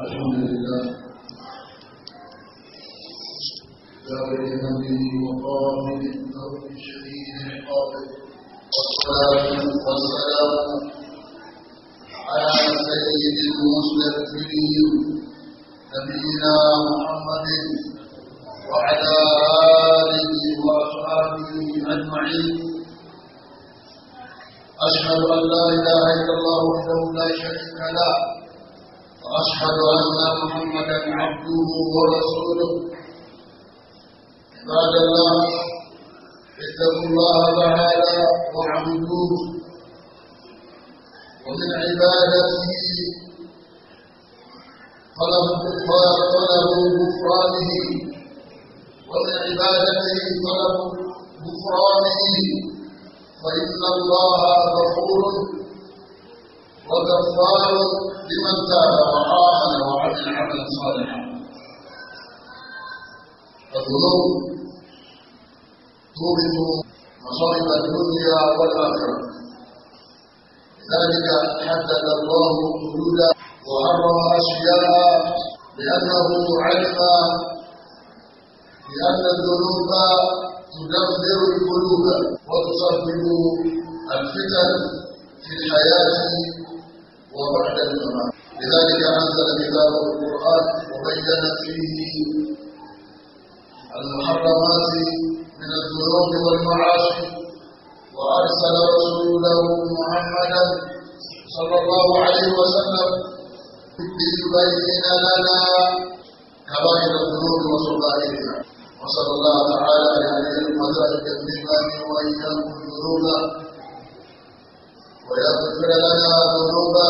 الحمد لله جابر نبي وقابل النور شديد عقابه والصلاة والسلام على سيد المستكبرين نبينا محمد وعلى آله وأصحابه أجمعين أشهد أن لا إله إلا الله وحده لا شريك له وأشهد أن محمدا عبده ورسوله عباد الله اتقوا الله تعالى واعبدوه ومن عبادته طلب طلب غفرانه ومن عبادته طلب غفرانه فإن الله وكفار لمن تاب وآمن وعمل عملا صالحا الذنوب تورث مصائب الدنيا والآخرة لذلك حدد الله حدود وحرم أشياء لأنه علم لأن الذنوب تدمر القلوب وتسبب الفتن في الحياة وبعد الممات لذلك أنزل كتاب القرآن وبين فيه المحرمات من الذنوب والمعاصي وأرسل رسوله محمدا صلى الله عليه وسلم ليبين لنا كبائر الذنوب وصغائرها وصلى الله تعالى على هذه القدر الكريمه واياكم ذنوبا ويغفر لنا ذنوبا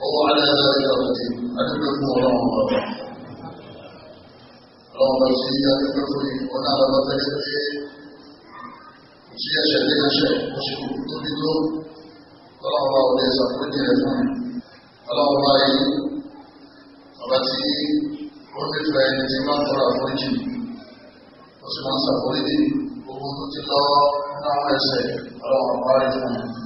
وهو على ذلك قدير أتبعكم الله الله اللهم اجزي أتبعكم ونعلم ذلك وشيء شديد شيء وشيء تبدو اللهم وليس كل يوم اللهم أي أبتي كل فعل ما ترى فرجي وسمع سفري وقلت الله نعم يا سيد اللهم بارك فيك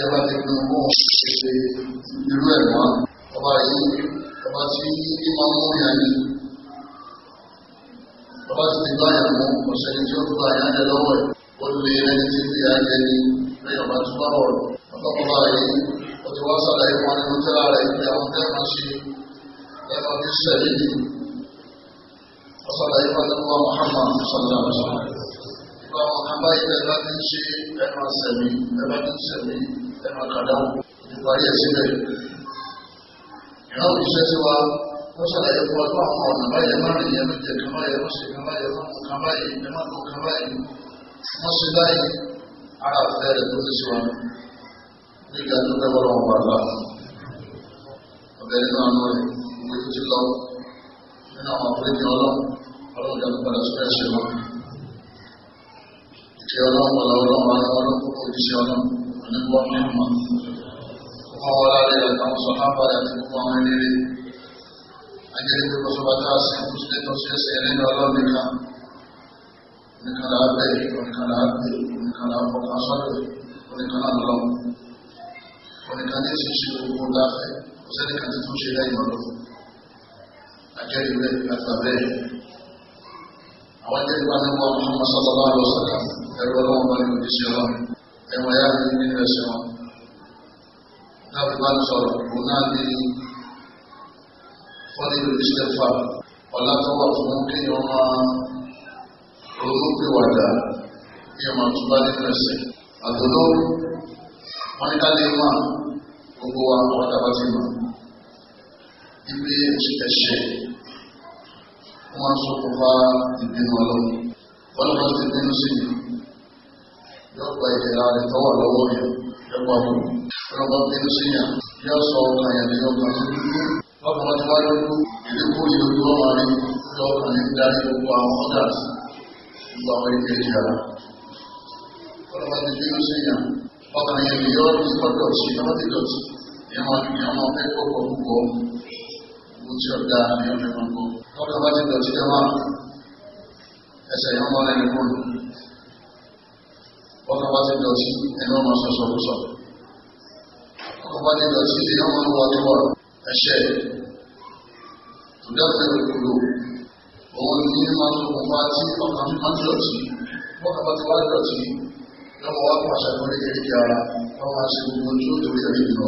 ẹ bá ti gbọ́n mọ́ ṣe irú ẹ̀ mọ́ ọba yìí ọba tí ní máa mú ìyá ni ọba ti ti bá yà mú ọ̀sẹ̀ ní tí ó gba ìyá jẹ lọ́wọ́ ẹ̀ ó lè ẹni tí ìyá jẹ ni lẹ́yìn ọba tó bá wọ̀ ọba yìí ó ti wá sàlàyé wọn nínú tẹ́lá rẹ̀ ìgbé àwọn tẹ́ máa ṣe ẹ̀rọ ní sẹ́yìn ni ọ̀sàlàyé wọn nínú wa Muhammad sọ̀rọ̀ àwọn ọmọ àbáyé ẹ̀rọ ti ń ṣe ẹ̀rọ sẹ̀mí ẹ̀rọ ti ń sẹ̀mí ẹnu àkàdáwò nípa ayé sílẹ̀. ìrọ̀rùn iṣẹ́ sí wa wọ́n ṣàlàyé fún ọdún àwọn ọ̀nà báyẹn márùn-ún yẹn méje kan báyẹn wọ́n ṣe kan báyẹn wọ́n mú kan báyìí ẹ má mú kan báyìí wọ́n ṣe báyìí ara àfẹ́ rẹ̀ tó ti ṣe wọn. nígbà tó fẹ́ wọ́n wọn bàbá ọ̀bẹ nínú àánú rẹ̀ ìwé tó ti lọ nínú àwọn àpéjì ọlọ́run ọlọ́run jẹ́ àgbàdo sílẹ̀ ṣe wọn. ìṣe ọlọ́run ọlọ́run ọlọ́run ọlọ́run àdúgbò mẹ́mọ́ ọmọ wa lálẹ́ àtàwọn sọ̀hábà àti gbogbo àwọn eléré ajẹ́lẹ́ gbogbo sọba tá a sìn kó sílẹ̀ tó ṣe ẹsẹ̀ nínú ọlọ́run nìkan nìkan là á bẹ̀ nìkan là á bẹ̀ nìkan là á fọkàn sọ́dọ̀ nìkan là á lọ nìkan ní ìṣiṣẹ́ gbogbo ọlọ́run bá ní òjì ọlọ́run ẹ̀wọ̀n ẹ̀yà mi nínú ẹ̀sìn wọn láti bá sọ̀rọ̀ òun náà ní fọ́nìlú ìṣẹ́fà ọ̀làtọ́wà fún kéèyàn máa ronúpìwàdà kí ọmọ tó bá nínú ẹ̀sìn àtọ́lọ́ wọn ní kálí mọ́ gbogbo wa ọ̀dà bá ti mọ̀ ibi ẹ̀ṣẹ̀ wọn sọ fún wa ìbínú ọlọ́run ọlọ́run ti bínú sí mi yóò gba ìlera rẹ̀ tọ́wà lọ́wọ́ yẹn ẹ̀pà fún ọlọ́pàá bínú sí yàn yóò sọ ọkàn yẹn ní ọkàn sí dúdú lọ́kùnrin tí wọ́n lójú ìdíkù yìí ojú ọmọ rẹ̀ ní ọkàn yẹn darí gbogbo àwọn ọ̀dà gbogbo àwọn ìgbé ìjà ọlọ́pàá ti bínú sí yàn ọkàn yẹn ní yọ́ ti gbọ́dọ̀ sí ọmọdé dọ̀tí ìyẹn wọn ni ọmọ fẹ́ kọ́kọ́ púpọ̀ mo ti ọ̀dà ọkọ̀ bá ti dọ̀tí ẹnu ọmọ sọ̀sọ̀ kú sọ. ọkọ̀ bá ti dọ̀tí ní ọmọ ọmọ ọdún wọ̀ ẹ̀ṣẹ̀ ìdọ́kẹ́ ìgbòho òun ní máa ń tó wá tí ọkàn máa ń dọ̀tí ọkọ̀ bá ti wá dọ̀tí lọ́wọ́ wá pàṣẹ fún ẹgbẹ̀rẹ̀ ara wọ́n máa ṣe gbogbo tí ó torí ẹ̀rí ìlọ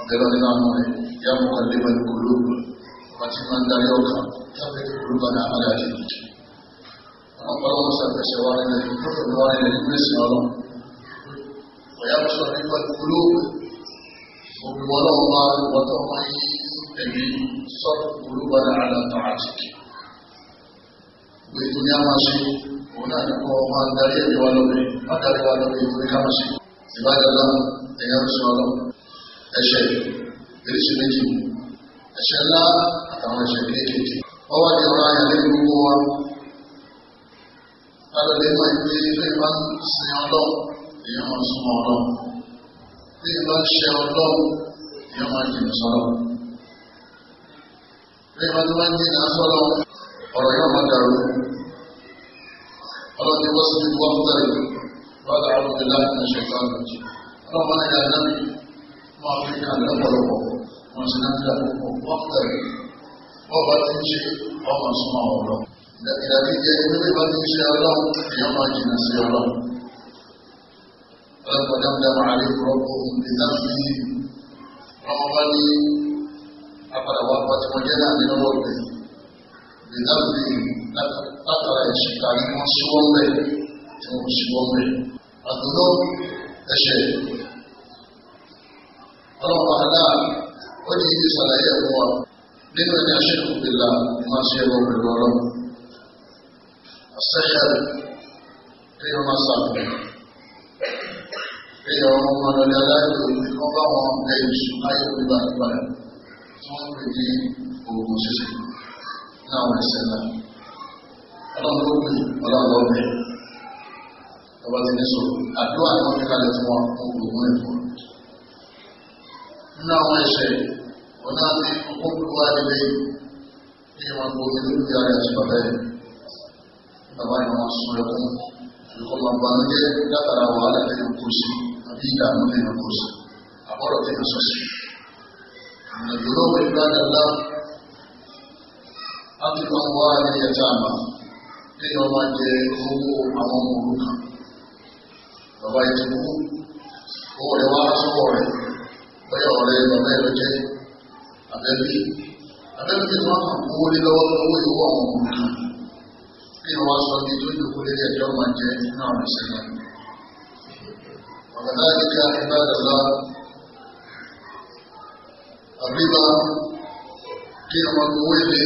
ọ̀gẹ́rọ̀ nínú àwọn rẹ̀ ìyá mọ̀kànlélẹ́gbẹ̀rẹ̀ kòló ọkọ̀ tí máa ń darí ọkàn tábìlì kòló bá ní àmàlà àti ọ̀pọ̀lọpọ̀ ṣàtẹ̀ṣẹ̀ wa nílẹ̀ ìpínlẹ̀ wa nílẹ̀ ìpínlẹ̀ ọlọ́run ọ̀yá tó sọ nípa ìpolú òbí wọn náà máa ń wọ́n tó máa ń ẹ̀mí sọ́ọ̀tù olúbàdà àdàtọ̀ àti gbèdú ní a máa ṣe òun náà ní kọ́ máa ń darí ẹ̀mí wa lọ́wọ́ má darí wa lọ́wọ́ ìwé ní ká máa ṣe ìbájá lánàá ẹ̀yà tó sọ ọlọ́run ẹ̀ṣẹ̀ eréṣẹ méjì ẹ̀ṣẹ̀ ńlá àtàwọn ẹ̀ṣẹ̀ kéékèèké wọ́n wá ní ọ̀rọ̀ ayàlẹ́ gbogbo wa lọ́lẹ́ mọ̀ pé ilé ìbá ń sin ọlọ́run èèyàn máa súnmọ́ ọlọ́run bí ìbá ń ṣe ọlọ́run èèyàn máa jìnnà sọ́lọ́ bí ìbá tó bá ń jìnnà sọ́lọ́ ọ̀rọ̀ yóò máa dàrú ọlọ́run ti wọ́n sí ibi wọ́n fún tẹ̀lé wọ́n dà áwọn ọ̀gbìn láti ní ṣètò àwọn ọ̀jì ọlọ́run máa ń yà náà máa fi kàn lọ́pọ̀lọpọ̀ wọ́n sì náà ń dà wọ́n tẹ̀lé wọ́n bá ti ń ṣe ọmọ súnmọ́ ọlọ́run ìdàgbà jíjẹ ìgbélé bá ti ṣe ọlọ́run èèyàn máa jìnà sí ọlọ́run ọlọ́pàá dáadáa máa rí rọ́pò ìdá fi ọmọ bá ní apàdà wà pàtìmọ̀jẹ́ náà ní lọ́wọ́ rẹ̀ ìdá fi látara ìṣìkà ní wọ́n sí wọ́n bẹ̀ tí wọ́n sí wọ́n bẹ̀ àdúgbò ẹ̀ṣẹ̀ ọlọ́pàá náà ó ní ìdí sàlàyé ẹ̀kọ́ nínú ẹni àṣẹ ìkùnlélà máa ṣe ẹ̀rọ pẹ̀lú ọlọ́run ọ̀sẹ̀yẹl kí wọ́n máa sàmì kí wọ́n máa lọlé aláìlú kí wọ́n bá wọn ẹ̀yìn ṣùgbọ́n ayé wọn bá gbà tí wọ́n pè ní oògùn ṣíṣe náà wọ́n ṣe náà ọlọ́dún ọlọ́dún ọ̀bẹ ọba ti ní sọ̀rọ̀ àdúrà ni wọ́n fi fún wa fún oògùn ẹ̀fọ́ nínú àwọn ẹ̀ṣẹ̀ ọ̀nà àti ọkọ̀ òkú wa nílé kí wọ́n gbọ́ ilé ìyá rẹ̀ ṣùgbọ́n bẹ́ẹ̀ bàbá yẹn wọn sún ẹkún àbíkọ́ máa banújẹ́ látara wàhálà tẹ̀yìn kò sí àbí ìdààmú tẹ̀yìn kò sí àbọ̀rọ̀ tẹ̀yìn sọ sí. àdúró wẹ̀ gbàdàlá láti máa wá ẹyẹ tá a máa lẹ́yìn ọmọ jẹ owó àwọn ọmọ òrukàn bàbá ìdìbò owó rẹ̀ wá sọ́wọ́ rẹ̀ bóyá ọ̀rẹ́ bàbá ẹ̀rọ jẹ́ abẹ́bí abẹ́bí tí wọ́n kàn kó lé lọ́wọ́ lọ́wọ́ ìwọ́ àwọn òrukàn kí wọ́n sọ bí tó jòkó lórí ẹjọ́ máa jẹ́ náà lè ṣe náà. Ọ̀gá láti ká ẹgbẹ́ àdàlá àbíbá kí wọ́n owó ilé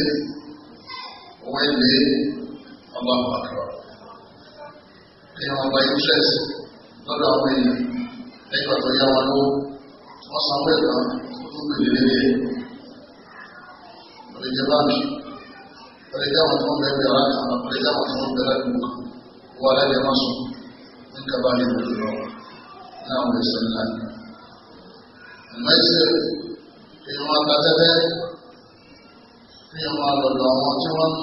owó ọba àpàkọ́. Kí wọ́n gba interest lọ́dọ̀ àwọn èèyàn nígbà tó yá wọn lówó. Wọ́n sanwó ẹ̀ka tó gbèlè lélẹ̀. Ọ̀rẹ́jẹ̀ báńkì ọ̀rẹ́jà wọn fún bẹ́ẹ̀ bẹ́ẹ̀ láti mọ̀ ọ̀rẹ́jà wọn fún bẹ́ẹ̀ láti mọ̀ wọ́n alẹ́ máa sùn ní kaba ní ìlú lọ ní àwọn ẹ̀sẹ̀ ńlá ni. ẹ̀mọ́ ẹ̀sẹ̀ èèyàn máa ta tẹ́tẹ́ èèyàn máa lọ̀dọ̀ àwọn tí wọ́n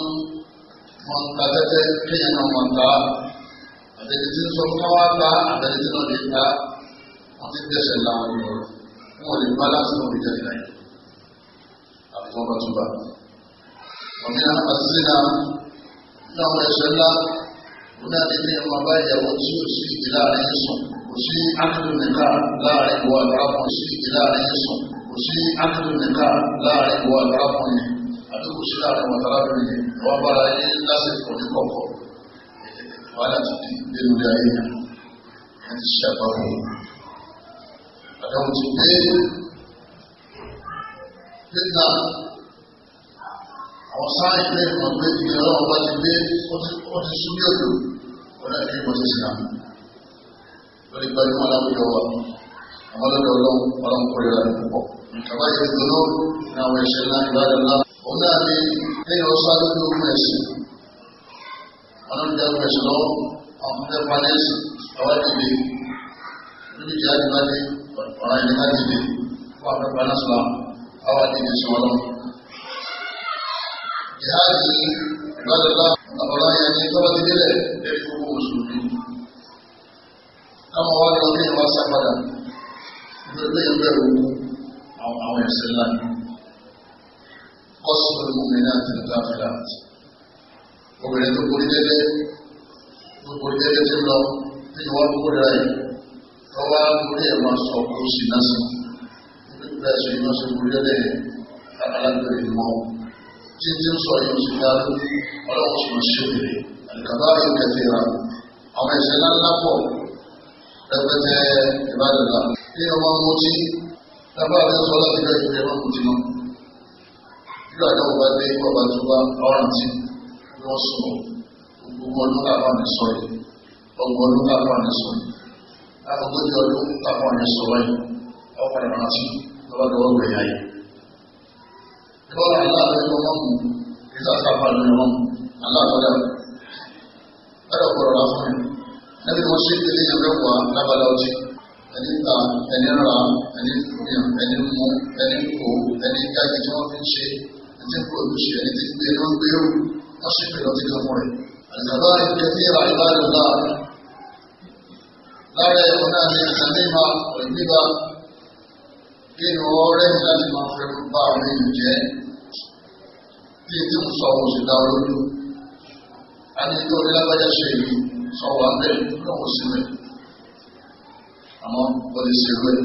máa ta tẹ́tẹ́ kéèyàn náà máa ta àtẹ̀lẹ́ tí ń sọ fún wa ta àtẹ̀lẹ́ tí náà lè ta wọ́n ti dẹ́sẹ̀ láwọn ọ̀rọ̀ wọn ò lè bá láti mọ̀ ìjọba yìí àbí wọ́n bá tún bá. ومن أنفسنا إنه يسلى هنا لديه مبايا وتسوء سيد لا يسوع وسيء عقد النكاح لا يعرف والعرب وسيء لا يسوع وسيء عقد النكاح لا يعرف والعرب àdúgbò sí láàrin wọn arábìnrin wọn bára ilé lásìkò ní kọ̀ọ̀kọ̀ wàhálà ti di lẹ́nu ilé ayé yẹn wọn ti ṣe àpapọ̀ àdáwọn ti gbé nígbà àwọn sáà ilé ìmọ̀ pé ìyẹn ọlọ́run bá ti dé ó ti sún ní òdò ó dà kí wọ́n ti sìn àmì lórí pẹ̀lú wọn láwùjọ wa àwọn lọ́dọ̀ ọlọ́run ọlọ́run kò rírà púpọ̀ kàbá yìí dúró ní àwọn ẹ̀ṣẹ̀ ńlá ìbáraẹ̀ ńlá òun náà ni kéèyàn sá lójú ogun ẹ̀sìn ọlọ́run jẹ́ ogun ẹ̀sìn lọ́wọ́ àwọn ọmọdé panẹ́sì ọwọ́ ìhádìí ìbádọ́lá àbọ̀lá yẹn ní tọ́wọ́ ti délẹ̀ lẹ́yìn fún mùsùlùmí. Táwọn wá ní ọdún yẹn wá sá padà nítorí yẹn bẹ̀rù àwọn ẹ̀sẹ̀ náà ni. Kọ́sùn ìmúmi náà ti dá fìlà. Obìnrin tó borí délé tó borí délé tó lọ ní ìwà gbogbo rẹ̀ yìí. Lọ́wọ́ á borí ẹ̀ máa sọ kó sì náà sí. Bẹ́ẹ̀ sọ ìmọ̀ sọ borí délé alágbèrè mọ́ tí tí ń sọ yìí ti dá lórí ọlọ́run sì máa ṣe òbèrè àdìkàbá yìí kẹtì ra àwọn ẹ̀ṣẹ̀ ńláńlá pọ̀ rẹpẹtẹ ìbádọ́lá bí ọmọ mo ti lábá rẹ sọ láti bẹ́ẹ̀ fi ẹ̀rọ kò ti mọ́ nígbà náà wọ́n bá dé ọba tó bá ọ̀ràn tí wọ́n sọ gbogbo ọdún láwọn ní sọ yìí ọgbọ̀n ọdún láwọn ní sọ yìí láwọn tó di ọdún láwọn ní sọ yìí ọkùnrin rántí lọ́wọ́ lọ́wọ́ gbẹ̀yà yìí kọ́ aláàbẹ̀ ọmọkùn ìta sábà lórí wọn aláàbọ̀dá ẹ̀rọ kọ̀rọ̀ láfún mi ẹni wọ́n ṣe ìdílé yẹn fẹ́ wà lábala ọtí ẹni ta ẹni ra ẹni fúnyà ẹni mú ẹni kó ẹni káàkiri tí wọ́n fi ń ṣe ẹni tí kò lù ṣe ẹni tí gbé ló ń gbé ó wọ́n ṣe ìpè lọ́tí kan fún rẹ̀ àgbàdo ìgbẹ́ tí ra ìbáraẹ̀ kí ni wọ́n rẹ́yìn láti máa fẹ́ bá àwọn èèyàn jẹ́ bí tí mo sọ òun sì dá lójú a ní tó ní lágbájá ṣe èyí sọ wà bẹ́ẹ̀ lọ́wọ́ sí rẹ̀ àmọ́ ó lè ṣe rẹ̀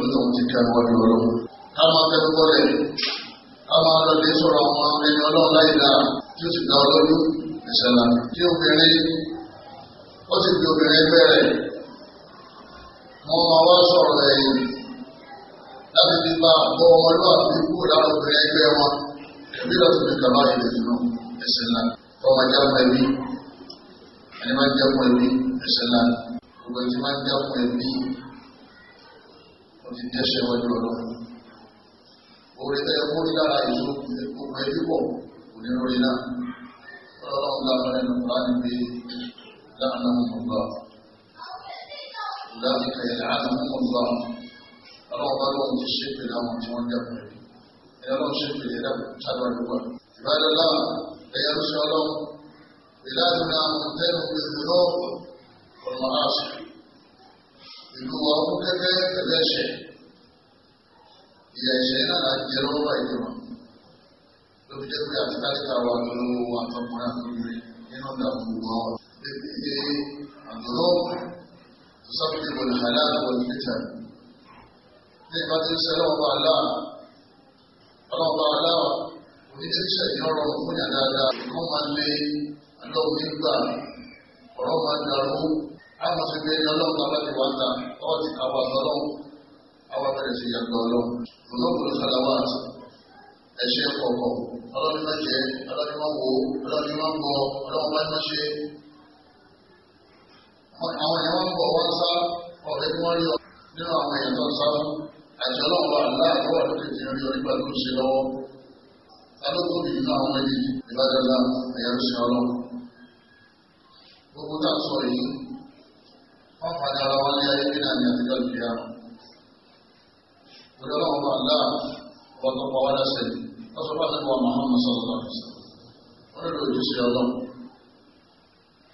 olóhùn ti kẹ́ wọ́n lọ́wọ́ ká máa fẹ́ bọ́lẹ̀ ká máa lọ lé sọ̀rọ̀ àwọn ẹni ọlọ́run láì dáa tí ó sì dá lójú ìṣẹ̀lá tí obìnrin ó sì fi obìnrin bẹ̀rẹ̀ wọ́n máa wá sọ̀rọ̀ ẹ̀yìn láti fi bá àbọ̀ ọlọ́àbí kúrò lára obìnrin ẹgbẹ́ wọn ẹbí láti fi kàbá ilẹ̀ sínú ẹsẹ̀ ńlá ọmọ jáfún ẹbí ẹni máa ń jáfún ẹbí ẹsẹ̀ ńlá gbogbo ẹni máa ń jáfún ẹbí ó ti dẹ́sẹ̀ wájú ọlọ́run orí tẹ́ kó ní lára èso gbogbo ẹbí pọ̀ kò ní lórí náà ọlọ́run lára ẹnu kúrá níbi láàánú ọgbà láti kẹ̀yẹ̀ láàánú ọgbà ọlọ́run bá lóun ti ṣe pèlè àwọn tí wọ́n jẹ́ pẹ̀lú ẹ̀yà lọ́n ṣe pèlè ẹ̀dá sábà lówà. ìbádọ́lá ẹ̀yà ló ṣe ọlọ́run ìlà àdúrà àwọn tẹ́lẹ̀ ìlú lọ́wọ́ ọ̀nà àṣà ìlú wa ó kẹ́kẹ́ ẹlẹ́ṣẹ̀ ìyà ìṣẹ́ náà láti jẹ lọ́wọ́ ìjọba ló fi jẹ́ pé àtìkáríkà wa ló àtọkùnrin àtọkùnrin nínú ìdààmú wa wà. àdúrà ọ̀sán fi dìbò ní àlá àtọkùnrin nípa tí ń sẹ́lọ̀ ọba aláà ọlọ́ọ̀bá aláà oníṣẹ́ṣẹ́ ìyọ́rọ̀ fún yàn dáadáa kó máa lé alọ́ọ̀ nígbà ọ̀rọ̀ máa dàrú láwọn fi gbé ọlọ́ọ̀bá láti wá ta ọ́ ti àwọn àtọ́lọ́ àwọn abẹ́rẹ́ ti yàgbọ́ lọ ọlọ́ọ̀bùrọ̀ sálàwà ẹ̀ṣẹ̀ kọ̀ọ̀kọ̀ ọlọ́ọ̀bí má jẹ́ ọlọ́ọ̀bí má wò ọlọ́ọ̀bí má gbọ́ ọlọ́ọ̀bá má ṣe àwọn èèyàn wá ń bọ̀ wá ń sá ọ̀rẹ́ bí wọ́n rí ọ nínú àwọn èèyàn tó ń sá fún àti ọlọ́ọ̀bá aláàbọ̀ ọ̀dọ́dẹ̀ ti rí orí pẹ̀lú ṣe lọ́wọ́ alókòbí nínú àwọn ẹni ìbádọ́lá ẹ̀yẹ́rúṣẹ́ ọlọ́run gbogbo náà sọ èyí wọ́n padà ara wọn ní ayé bí náà ní àtijọ́ ìgbéyà orí ọlọ́ọ̀bá aláàbọ̀ ọ̀dọ́ pàwọ́dá sẹ́yìn wọ́n sọ fún àtẹ́kọ̀ọ́ Muhammad sọ̀rọ̀ wọ́n lè lòdì sí ọlọ́run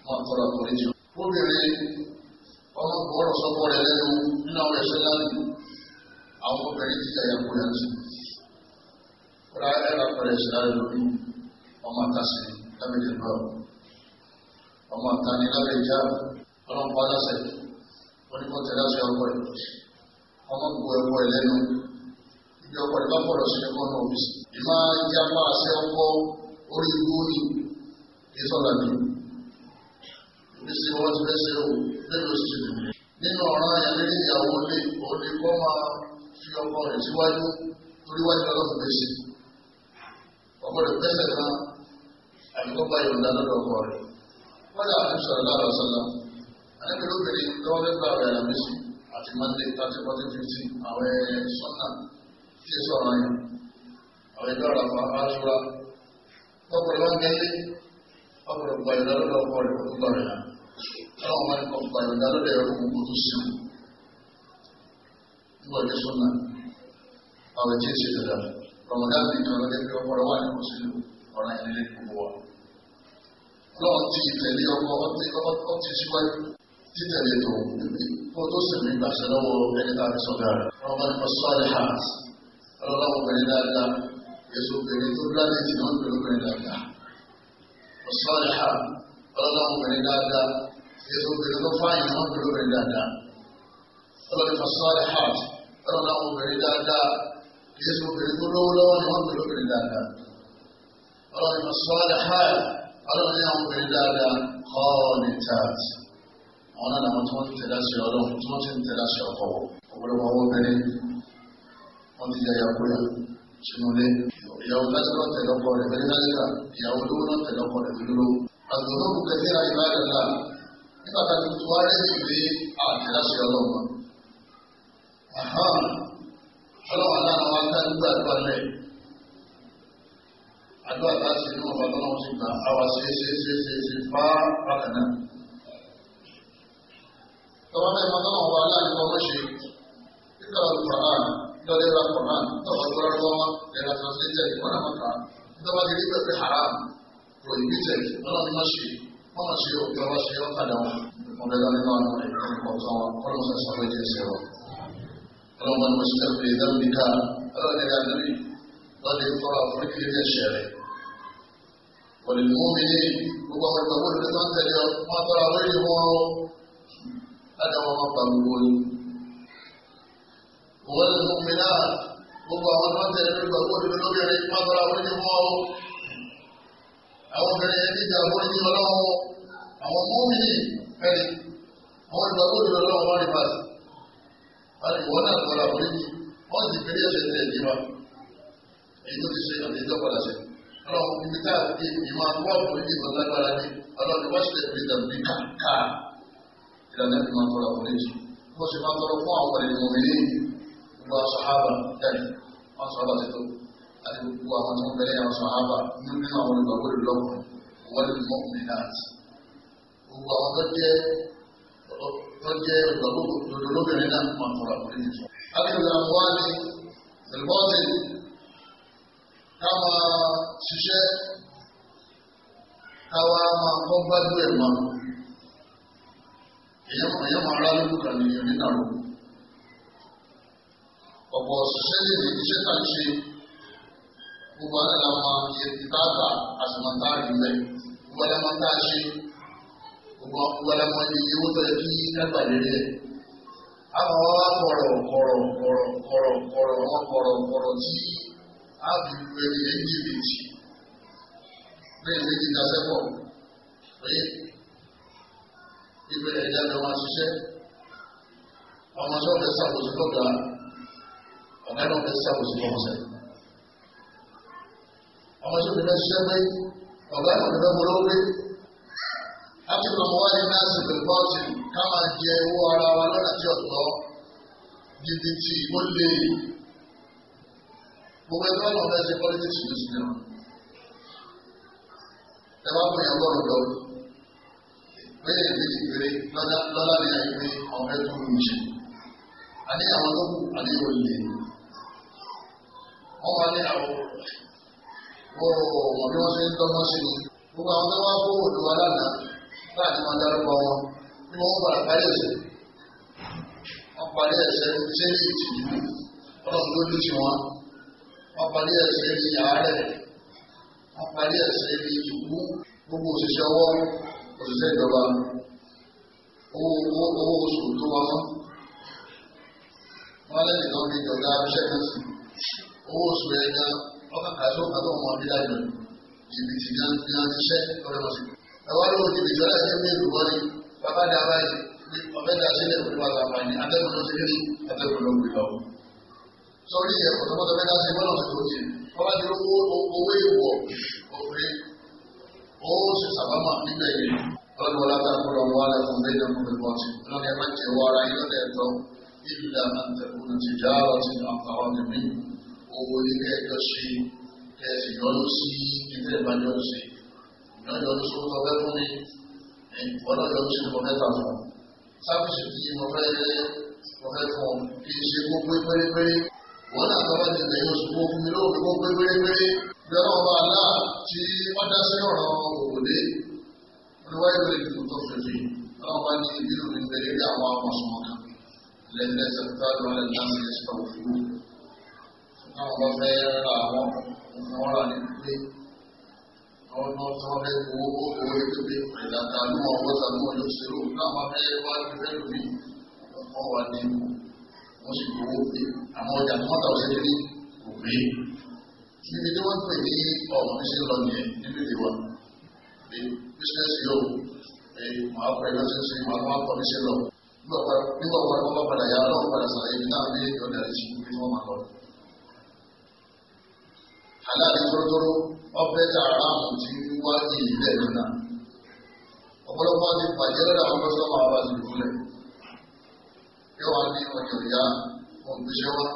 wọn tọrọ àforíjì obìnrin ọmọ ọ̀rọ̀ sọ́kọ rẹ̀ lẹ́nu nínú àwọn ẹ̀ṣẹ̀ lánàá àwọn obìnrin ti tẹ̀yẹ kó yẹn tù. Kúrá ẹ̀rọ pẹ̀lẹ́ ìṣẹ̀lẹ̀ lórí ọmọ àtàsí lábẹ́ ìjọba ọmọ àtàní lábẹ́ ìjáàbù ọlọ́mọ aláṣẹ oníkọ̀tẹ̀ láti ọkọ̀ ẹ̀ ọmọ gbogbo ẹ̀kọ́ ẹ̀ lẹ́nu ibi ọkọ̀ ẹ̀ bá pọ̀lọ̀ sí ẹ̀kọ́ náà òbí sí. Ìmá ìjà máa ṣe ọkọ̀ orí ni ìsọ̀lá ni ìṣe wọ́n ti fẹ́ fi ọkọ rẹ̀ síwájú torí wájú ọlọ́run lè ṣe ọkọ rẹ̀ tẹ́sẹ̀ kan àyíkọ́gbà yọ̀ǹda lọ́dọ̀ ọkọ rẹ̀ wọ́n yà á sọ̀rọ̀ lára sọ́lá alẹ́kẹ̀lóbìnrin lọ́wọ́ nípa rẹ̀ àmísù àti monday thirty forty fifty àwọn sọ́nà tí ì sọ̀rọ̀ yẹn àwọn ẹgbẹ́ ọ̀rọ̀ àwọn aṣọra ọkùnrin wọn gẹ́lẹ́ ọkùnrin gbàyọ̀dá lọ́dọ̀ ọkọ rẹ̀ ọkùnrin gbàyọ̀dá ọlọ́run wọn kọ̀ gbàyọ̀dá lọ́dọ̀ ẹ̀rọ gbogbo tó sẹ́wọ̀n bu ayı sonuna alacağız şeyler. Ramazan ayı sonunda bir para var mı senin? Ona elilik bu bu. Allah'ın titeli yok, Allah'ın titeli yok, Allah'ın titeli yok. Titeli yok. Bu dostum bir başına o beni tabi sorar. Ramazan fasalihat. Allah'ın beni derler. Yesu beni turlar için on beni beni derler. Fasalihat. Allah'ın beni derler. Yesu beni turlar için on beni beni derler. Allah'ın fasalihat ẹ̀rọ láwọn obìnrin dáadáa kìí ṣe obìnrin tó lówó lọ́wọ́ ni wọ́n pè lóbìnrin dáadáa ọlọ́run ni sọ́ọ́dà háì ọlọ́run ní àwọn obìnrin dáadáa kọ́ ní táàtì àwọn náà làwọn tí wọ́n ti tẹ̀lé aṣọ ọlọ́run tí wọ́n ti ń tẹ̀lé aṣọ ọkọ̀ ọ̀pọ̀lọpọ̀ àwọn obìnrin wọ́n ti yàyà kúrò sínú ilé ìyàwó lásìkò tẹ̀lé ọkọ rẹ̀ pẹ̀lú lásìkò ìyàwó lówó náà tẹ̀lé ọkọ rẹ̀ pẹ̀lú lówó àgbọ̀nọ́bù kẹfẹ́ àyíká rẹ̀ là nígbà tá a ti tó wáyé ìgbé àtẹ̀lé aṣọ ọlọ́run ọlọ́wọ́ alára wa ká nígbà àdúrà lẹ̀ àdúrà bá ṣe ní ọba lọ́wọ́ sí gbà àwa ṣe ṣe ṣe ṣe ṣe fá bákanná. tọ́wọ́ náà ìmọ̀ náà wà láàrin ọmọ ṣe kíkà ọ̀rọ̀ lọ́dẹ̀ ra kọ̀ọ̀nà tọ́wọ́ tó rárá wọn ẹ̀rọ translator ìkọ́nà mọ́ta nígbà tí nígbà pé haram prohibited ọlọ́run má ṣe wọ́n má ṣe òkè ọba ṣe ọ̀kadà wọn ọ̀rẹ́dá nínú àwọn ọ̀rẹ́ ìkọ̀ọ̀kan wọn ọlọ́run sọ ọlọ́mọ ní oṣù tẹ́lẹ̀ ìdá mi ká ọlọ́dẹ ká níbi lọ́dẹ tọrọ àforíkì ní ẹ̀ṣẹ̀ rẹ̀. wọ́n lè mú mi ní gbogbo àwọn ìgbàgbọ́ ìlú tó ń tẹ̀lé ọ máa tọrọ àwọn èyí wọn láti àwọn ọmọ gbàgbọ́ ni. wọ́n lè mú mi náà gbogbo àwọn tó ń tẹ̀lé báyìí ìwọ náà tọ́ra oríjì wọ́n ti fẹ́rẹ́ ẹ̀ṣẹ̀ tẹ̀ ní wa èyí tó ti ṣe àti èyí tó padà ṣe ọlọ́run ibi tá a ti ìmọ̀ àwọn oríjì tó lágbára ní ọlọ́run wọ́n ṣe lè dàbí bí kàkà ìlànà ìmọ̀ tọ́ra oríjì wọ́n ṣe máa tọrọ fún àwọn ènìyàn mi ní gbogbo asọ̀hábà jáde wọ́n sọ ọ́bà tètò àti gbogbo àwọn tó ń bẹ̀rẹ̀ àwọn sọ̀hábà nínú àwọn olùgbàgbọ́ lọ́kùnrin wọ́n lè mọ́ òmìnira àti gbogbo àwọn tó jẹ́ tó jẹ́ ìgbàgbọ́ lóbìnrin náà máa ń tọrọ àkórí nìyí. Akẹ́lẹ́ àwọn wá ní Bẹ̀lbọ́ọ̀dì ká máa ṣiṣẹ́ ká wá máa kọ́ gbájú ẹ̀ máa. Èyẹ́ máa rá lókùnkà nìyẹn nínà lò. Ọ̀pọ̀ ṣiṣẹ́ lè ní iṣẹ́ tà ń ṣe gbogbo àdàlà máa yẹ ti táàbà àṣìmọ̀tá rí bẹ́ẹ̀. Gbogbo àdàlà máa ń tá a ṣe wọ́n mọ iye owó tó yẹ kí kágbà lérí ẹ̀. àwọn wa kọ̀rọ̀ kọ̀rọ̀ kọ̀rọ̀ kọ̀rọ̀ kọ̀rọ̀ wọn kọ̀rọ̀ kọ̀rọ̀ tí a fi lu ẹni méjì méjì bẹ́ẹ̀ ni kí n dasẹ́ pọ̀ pé ìbẹ̀rẹ̀ ìjà ni wọ́n ṣiṣẹ́ ọmọ sọ́ọ̀tẹ̀ ṣàkóso lọ́gàá ọ̀gá náà fẹ́ ṣàkóso lọ́sẹ̀ ọmọ sọ́ọ̀tẹ̀ fẹ́ ṣiṣẹ́ pé ọ̀gá náà fẹ́ mọ́ lọ́wọ́ pé láti lọ́mọ wá ní náàsì bẹ̀rọ̀tì ká máa jẹ owó ara wa lọ́nà tí ọ̀tọ̀ jìbìtì ó lè gbogbo ẹgbẹ́ ọ̀nà ọ̀dà ṣe politics ló sì náà ẹ wá pè yàn lọ́rùn lọ bẹ́ẹ̀ méjì péré lọ́lá ní ayé pé ọ̀rẹ́ tó ń ṣe àníyàwó tó kù àníyàwó lè wọ́n wá ní àwọn ọ̀rọ̀ bí wọ́n ṣe ń tọ́mọ́ sí ni gbogbo àwọn tó wá kó òdo aláàlá nígbà tí wọ́n dárúkọ wọn ní wọ́n padà parí ẹ̀sẹ̀ wọ́n parí ẹ̀sẹ̀ ṣé ní ìtìlú ọlọ́run ló dúdú wọn wọ́n parí ẹ̀sẹ̀ ní àárẹ̀ wọ́n parí ẹ̀sẹ̀ ní ìlú gbogbo òṣìṣẹ́ ọwọ́ òṣìṣẹ́ ìjọba owó owó oṣù tó wá fún wọn lẹ́yìn náà ní ìjọba iṣẹ́ kan sí owó oṣù rẹ̀ gan ọkàn kàṣọ́ kan wọn bí lájọ ìbìtì gan ti ṣẹ́ lọ́rẹ́ wọn sí ẹwà ló ti bìtọ́ láti ní ìlú wọlé bàbá dá báyìí ọ̀fẹ́ dá sílẹ̀ pẹ̀lú àgbà ní adẹ́gbẹ̀ló ti rí adẹ́gbẹ̀ló gbé lọ. sọrí ẹ̀ ọ̀tọ̀mọ́tọ̀ mẹ́ta sí mọ́nà tó ti wọ́n bá ti rówó owó ìwọ̀ òfin ó sì sàbámà nígbà yìí ọlọ́dún wọn láti àkúrò ọmọ wa lẹ́kùn lẹ́yìn ọkùnrin bíi wọ́n ti lọ́nà ẹ̀ má jẹ́ wọ ara yín lọ́dẹ̀ ẹ̀tọ́ ìlà àtẹ̀kùn ti já ọ ti àǹfààní tẹ̀mí owó ilé ẹjọ́ sí kẹsì yọ́nú sí ilé ìbájọ́ sí lọ́jọ́ tó sọ fún ọbẹ̀ fún ni ọlọ́jọ́ tó sọ fún mẹ́ta fún un. sáfìsì tí mo fẹ́ mo fẹ́ fún un kì í ṣe kó pé pérépéré wọ́n náà tọ́ bá ti tẹ̀yìn oṣù kó fún mi lóòrùn kó pé pérépéré bí ọ̀rọ̀ ọba àlá tí wọ́n dá sí ọ̀rọ̀ òwòlé oníwáyé lórí ìlú tó fèfè ọlọ́run bá ní ìbínú mi bẹ̀rẹ̀ rí àwọn ọmọ sọmọ kan lẹ́yìn lẹ́sẹ̀ tó bá lọ lẹ́yìn láti ẹ̀sìn ọ̀fìn wò. àwọn ọba fẹ́ ra àwọn ọmọ wọn rà ní pé àwọn ọmọ tí wọ́n fẹ́ kó owó owó ìpínlẹ̀ àìdàdà ló wọ́n wọ́n tà lọ́wọ́ yóò ṣe lóhùn náà wọ́n fẹ́ wá ní fẹ́ lómi wọ́n wà ní wọ́n sì gbowó pé àwọn ọjà tí wọ́n tà ọ̀sẹ̀ kiri kò pé níbi tí wọ́n pè ní ọ̀hún ṣe lọ nìyẹn nínú ìdí wa pé bísíǹsì yóò pé màá pẹ́ lọ́sẹ̀ sí màá wá kọ́ ní ṣe lọ nígbà wọn ni wọ́n padà yà lọ́wọ́ padà sàlàyé ní náà ní ọ̀dà ìṣubú ni wọ́n máa lọ. àlá àti tórótóró ọbẹ̀ tà aráàmù tí wá di ìbílẹ̀ nínà ọ̀pọ̀lọpọ̀ ti bàjẹ́ lọ́dà àwọn kọ́sọ́mà wa ti fúnlẹ̀ yóò wá ní ọjọ́ ìyá wọn gbèsè wa wọn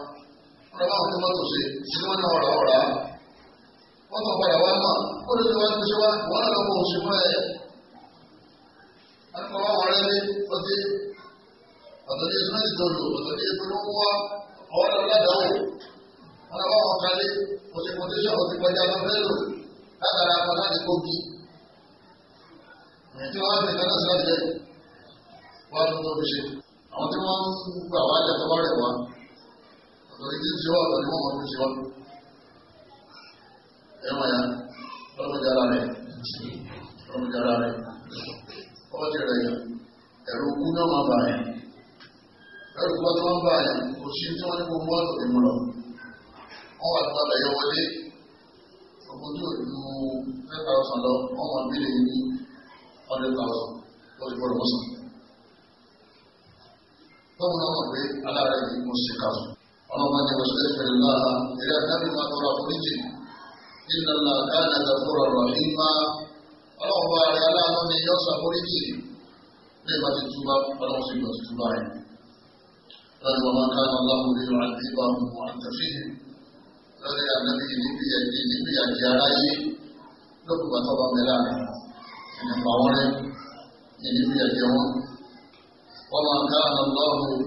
bá wọn tó mọ́tò ṣe tí wọ́n náà ọ̀rọ̀ ọ̀rá wọ́n tó padà wá mọ̀ ó lè wá gbèsè wa wọ́n náà lọ́wọ́ oṣù mọ́ ẹ̀ wọ́n wá wọlé ní ọtí ọ̀tọ̀ ní ìsúná ìdòdò ọ̀tọ̀ ní ìpolówó wa ọ̀wọ́ lọ́dà kalé mo ti pọtẹ́sọ̀ mo ti kọjá lọ́fẹ́ lò látara kan láti kó bí. Ẹ̀jẹ̀ wá fi kánà sí ọ̀jẹ̀ wá ló tó fi ṣe. Àwọn tí wọ́n ń gbà wá jẹ́ tọ́wọ́ rẹ̀ wá. Ọ̀tọ̀ ní ti ṣe wá ọ̀tọ̀ ní wọ́n mọ̀ ní ṣe wá. Ẹ wọ̀n ya, ọlọ́mọdé ara rẹ̀, ọlọ́mọdé ara rẹ̀, ọlọ́dẹ rẹ̀ yẹn, ẹ̀rọ kú náà máa bà yẹn. Ẹ̀rọ kú bá tó máa yẹn, kò sí tí wọ́n ní gbogbo ọ̀tọ̀ ìmúlọ̀ wọ́n wà nípa àlàyé wọlé ọkùnrin tí thousand lọ wọ́n wà bílẹ̀ ní hundred thousand lọ́sí gbọ́dọ̀ mọ́sán. Báwo ni wọ́n pè alára yìí mo ṣe kà fún? Ọlọ́mọ ni wọ́n ṣe fẹ́ la eré àdáni máa tọrọ àforíjì. Nínú ọ̀la káàdà àgbàfọ́rọ̀ ọ̀rọ̀ yìí máa ọlọ́wọ́ bá rẹ̀ aláàánú ni yọ́ ṣàforíjì. Bẹ́ẹ̀ bá ti túbá ọlọ́wọ́ sì lọ sí túbá rẹ̀. Láti wọ́n máa ká lọ́dẹ ànábì níbi ẹ̀bí níbi àjẹ aráyé lókùnkà tó bá bẹ láàrin ẹ̀nìfà wọn rẹ níbi àjẹ wọn. wọ́n máa ká àwọn ọlọ́run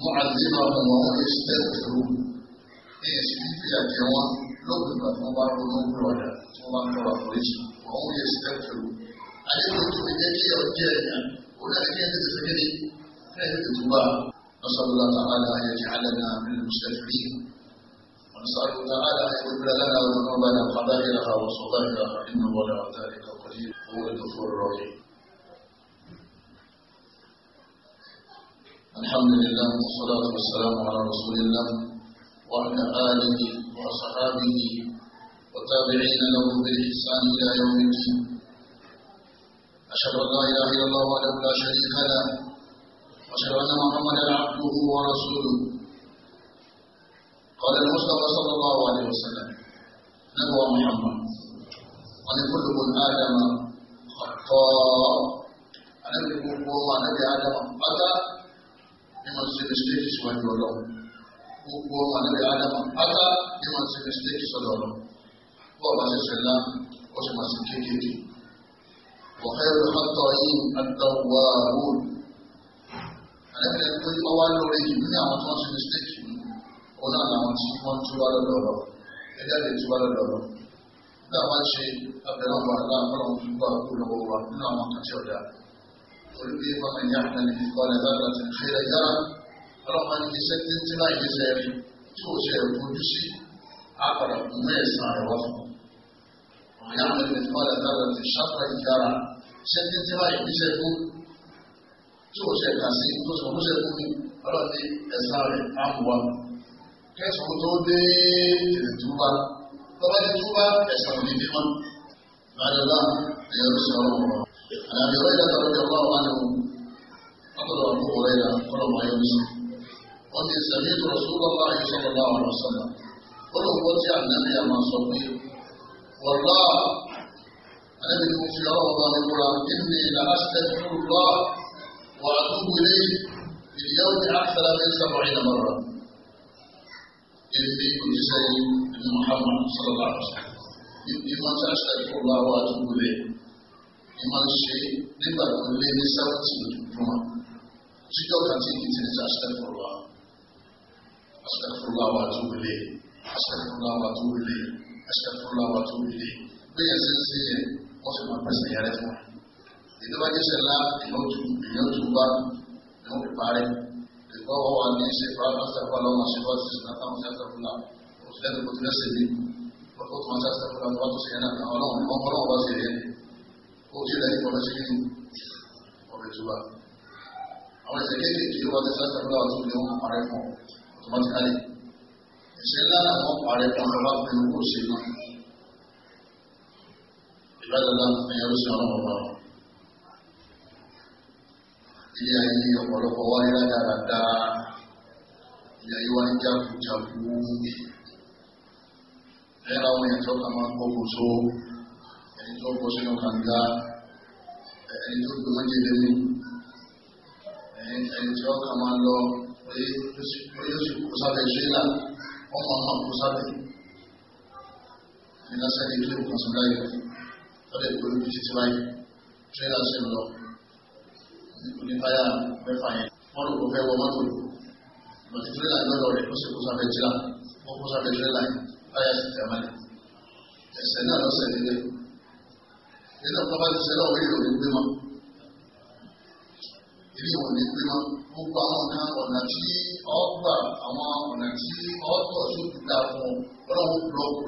mú àdínà wọn wọn kò sí tẹ̀síwò ní èsì níbi àjẹ wọn lókùnkà tó bá ronú gbọ́dọ̀ tó bá tọrọ àforíjì wọn kò sí tẹ̀síwò. àdínà tó fi jẹ́ kí ọjọ́ ẹ̀yà ولكن تتفكري كيف تتوبى نسأل الله تعالى أن يجعلنا من المستغفرين ونسأله تعالى أن يرد لنا ذنوبنا وخبائرها وصغائرها إنه ولا ذلك قدير هو الغفور الرحيم الحمد لله والصلاة والسلام على رسول الله وعلى آله وأصحابه والتابعين له بالإحسان إلى يوم الدين أشهد أن لا إله إلا الله وحده لا شريك له وأشهد أن محمدا عبده ورسوله قال المصطفى صلى الله عليه وسلم نبوى محمد قال كل من ادم خطاء انا بقول والله نبي ادم قتى لما تصير ستيكي سوان يولو والله نبي ادم خطا لما تصير ستيكي سوان يولو والله عز وجل وسمع سكيكي وخير الخطائين التوابون انا بقول والله نبي ادم خطا لما تصير òun náà làwọn tí wọ́n túbá lọ́dọ̀ lọ ẹjẹ́ lè túbá lọ́dọ̀ lọ. Bí a bá ṣe abẹ́rẹ́ ọmọ aláàbọ̀rọ̀ ń fi gbọ́ àkókò lọ́wọ́ wa nínú àwọn àkàtì ọ̀dà. Torí bí wọ́n máa ń yá àpẹẹrẹ ní ìkọlẹ̀ lára ti fi rẹ̀ yára. Ọlọ́pàá ní iṣẹ́ tí ń tí láì yẹsẹ̀ rí tí kò ṣe ìfojú sí àpàdà fún mẹ́ẹ̀sán rẹ̀ wá fún. Àwọn yá àpẹẹrẹ ní ìkọlẹ̀ lára ti ṣàpà ìyára. Iṣẹ́ tí ń tí láì yẹsẹ̀ kú tí kò ṣe kà sí tó sọ kẹsàn-án tó dé tètè túbá tọ́lá ti túbá ẹ̀sán òní dé mọ́ ìbádọ́lá ẹ̀yọ́ ló sọ ọ́nà wọn. àlàyé ọ̀rẹ́ ìjà tọ́lá ọjọ́ ọlọ́run wọn lòun ọ̀tọ̀dọ̀ àbúkù ọ̀rẹ́ ìjà ọlọ́run ayé mi sọ. wọ́n ti sẹ̀mí tó rọ̀ṣúlọ́ bá ayé sọ̀rọ̀ láwọn ọ̀rọ̀ sọ̀rọ̀ ó lóun kọ́ tí ànábì àmà sọ pé wọ́lá ànábì tó fi ọlọ́run bá mi kúra ìdí ìlà àṣìṣẹ́ tó rú في كل شيء من محمد صلى الله عليه وسلم ìmọ̀ tí a ṣe àìfọwọ́ àwọn àdúgbò rẹ̀ ìmọ̀ ṣe nígbà tó lé ní sẹ́wọ̀tì lójoojúmọ́ tíjọ́ kan tí kì í ti ní ṣe àṣẹ́fọ̀rọ̀ àwọn àṣẹ́fọ̀rọ̀ àwọn àdúgbò rẹ̀ àṣẹ́fọ̀rọ̀ àwọn àdúgbò rẹ̀ àṣẹ́fọ̀rọ̀ àwọn àdúgbò rẹ̀ bẹ́ẹ̀ ṣe ń ṣe yẹn wọ́n fi máa pèsè yàrá fún wa ìdíwájú ṣẹlá ìyọ́jú ìyọ́jú bá ìyọ́jú parẹ́ roho wa nchi kwa sababu kwa leo mashauri sisi tunataka msaada fulani usilete kutunesa hivi kwa sababu msaada fulani watu sana na wao ni mambo yao basi yeye kwa kile alipo na chini wametuba awezekani kile watu sasa kwa watu ni wao marefu automatically inshallah na wao marefu kwa sababu ni nguvu sana ibada na yarusha na mambo ilé ayé ọ̀pọ̀lọpọ̀ wáyé dáradára ilé ayé wáyé jákujàku ẹ̀rọ àwọn èèyàn tó kàn máa ń kọ́kọ́ so ẹni tó kọ́ sínú kànga ẹni tó gbé wọ́n jẹ́lé ní ẹni tó kàn máa lọ pé yóò sì kó sábẹ́ sílá wọ́n máa máa kó sábẹ́ lásán ní ìlú láyé lọ́dẹ̀ pẹ̀lú títí báyìí tírélà sí lọ ní táyà mẹ́fà yẹn wọ́n ló kó fẹ́ wọ mọ́tò lọ́tí tírélà lọ́dọ̀ rẹ̀ ó sì kó sáfẹ́ tírélà ó kó sáfẹ́ tírélà yẹn táyà sì tẹ̀ mọ́lẹ̀ ẹ̀sẹ̀ náà lọ́sẹ̀ nílé nínú ọ̀pọ̀ bá ti sẹ́lọ̀ orí ìròyìn gbé mọ́ ilé ìròyìn gbé mọ́ gbogbo àwọn ọ̀nà ọ̀nà tí ọgbà àwọn ọ̀nà tí ọ̀tọ̀ sókè dá fún ọlọ́run búlọ́ọ̀kù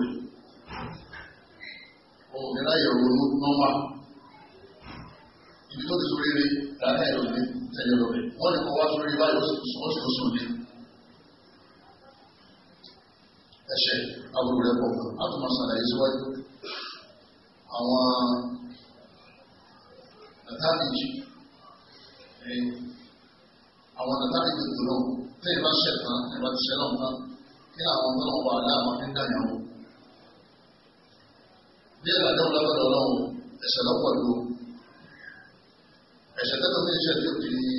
ibi tó ti sórí rí làákà ìlú ní tẹ̀lé lọ́bẹ̀ wọ́n ní kọ́ wá sórí báyìí ó sì ó sùn ní. ẹ̀ṣẹ̀ aburú rẹ̀ pọ̀ a tún máa ṣàlàyé síwájú àwọn àtàkìjì àwọn àtàkìjì tó lọ lẹ́yìn bá ṣẹ̀ tán nípa ti ṣẹlẹ̀ nǹkan kí àwọn ọmọ náà wà láàmú ní dáyàwó. bí ẹ̀ka dáhùn lábẹ́ lọ́wọ́ ẹ̀ṣẹ̀ lọ́pọ̀ lọ́wọ́ ẹ̀ṣẹ̀ tẹ́lẹ̀ tó ṣe tí ó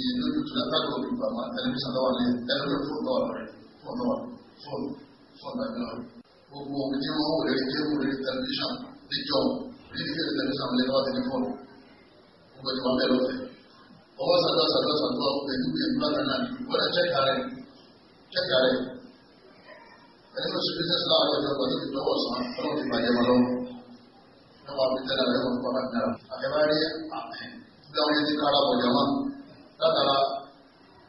di lójú tó lápákò olùgbà máa tẹlifíṣàn lọ́wọ́ ní ẹlẹ́gbẹ̀ẹ́ fóònù lọ́wọ́ rẹ̀ fóònù lọ́wọ́ fóònù fóònù àjọ rẹ̀ gbogbo omi tí wọ́n wòlé ní jẹ́wò lórí tẹlifíṣàn níjọ nídìí tẹlifíṣàn lé lọ́wọ́ tẹlifí fóònù gbogbo ti wọn bẹ́ẹ̀ lọ́fẹ̀ ọwọ́ sàdúrà sàdúrà sàdúrà pẹ̀lú pẹ̀lú àtàlà wọ́n jẹ́ka rẹ̀ jẹ́ka rẹ̀ ẹni tó ṣe bísíǹsì láwọn ọjọ́ pẹ̀lú ìdọ́wọ̀ sàn tọ́wọ́ ti bàjẹ́ wọn lọ́wọ́ ẹwà mi tẹ́lẹ̀ rẹ̀ wọ́n kọ́ àgbà àgbà rí àmín bí àwọn yẹn ti kára bọ̀jà mọ́ látara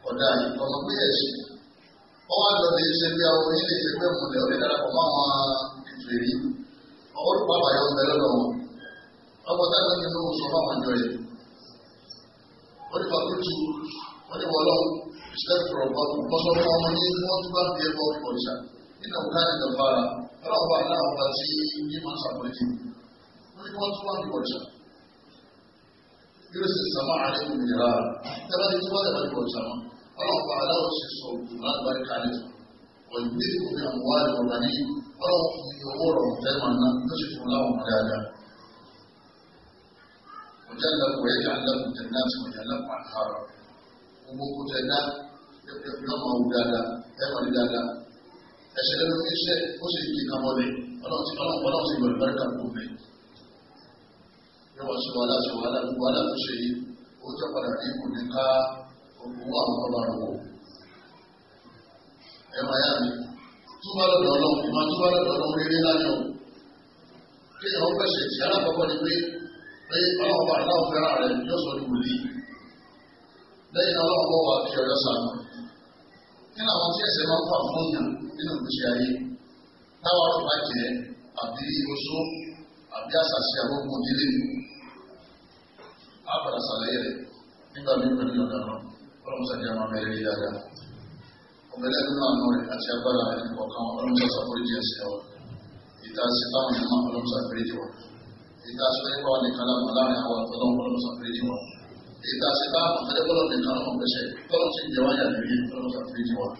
ọ̀dà ìtọ́nà pé ẹ̀sìn. wọ́n wá lọ lè ṣe bí àwọn yìí lè ṣe pé mọ̀lẹ́ orí darapọ̀ mọ́ àwọn ìfèrí ọwọ́ tó bá bàyọ̀ ń bẹ lọ́dọ̀ wọn. ọgbọ́n táwọn yẹn ló sọ fáwọn àjọ yẹn. wọ́n ti fàkúrú wọ́n ti wọ́lọ́ ìṣẹ́fọ̀rọ̀ bọ́sọ̀ fún ọmọ yìí wọ́n ti bá fi ẹ̀ bọ́ يرسل السماء عليكم مدرارا تبقى دي تبقى دي تبقى السماء الله تعالى وسي الصوت ما تبارك عليكم ويمدكم بأموال وبنين الله يغورهم دائما تجدوا لهم مدادا وجعل لكم ويجعل لكم جنات ويجعل لكم أنهارا ومكتنا يقيمها ودادا دائما دادا أشهد أن من شيء أشهد أن من شيء أشهد أن من شيء أشهد أن من شيء yóò wá sí wàhálà sí wàhálà gbogbo wàhálà tó ṣe yìí ó tẹ́ padà ní kò ní ká gbogbo àwọn ọba rẹ̀ wò. ẹ máa yá mi tó bá lọ́dọ̀ ọlọ́run ìmọ̀ tó bá lọ́dọ̀ ọlọ́run rere lánàá o kí ẹ̀rọ pẹ̀sẹ̀ tí alákọ̀ọ́kọ́ ni pé lẹ́yìn ọlọ́run bá aláwọ̀ fẹ́ràn rẹ̀ yóò sọ ní wòlíì lẹ́yìn ọlọ́run bọ́ wà fi ọ̀yọ́ sànù kí làwọn tí ẹ̀sẹ̀ máa ń fà fún yàn nínú ìgbésí ayé táwọn àbàrà sàlàyé rẹ̀ nígbà mí pẹ̀lú ìyọ̀dàmà ọlọ́mùsà ní àwọn abẹ́rẹ́ rí dáadáa ọ̀bẹ̀lẹ̀ nínú àánú rẹ̀ àti agbára rẹ̀ ọ̀kan ọlọ́mùsà sàforíjì ẹ̀sìn ọ̀rọ̀ ìta sí táwọn ìmọ̀ ọlọ́mùsà fèrèjì wọn ìta sí lẹ́kọ̀ọ́ àwọn nìkan láwọn láàrin àwọn àtọ́lọ́ ọlọ́mùsà fèrèjì wọn ìta sí táwọn àtẹ́lẹ́kọ̀ọ́ nìkan ọ̀pẹ̀ṣẹ̀ tọ́lọ́sì jẹ́wáyà lórí ọlọ́mùsà fèrèjì wọn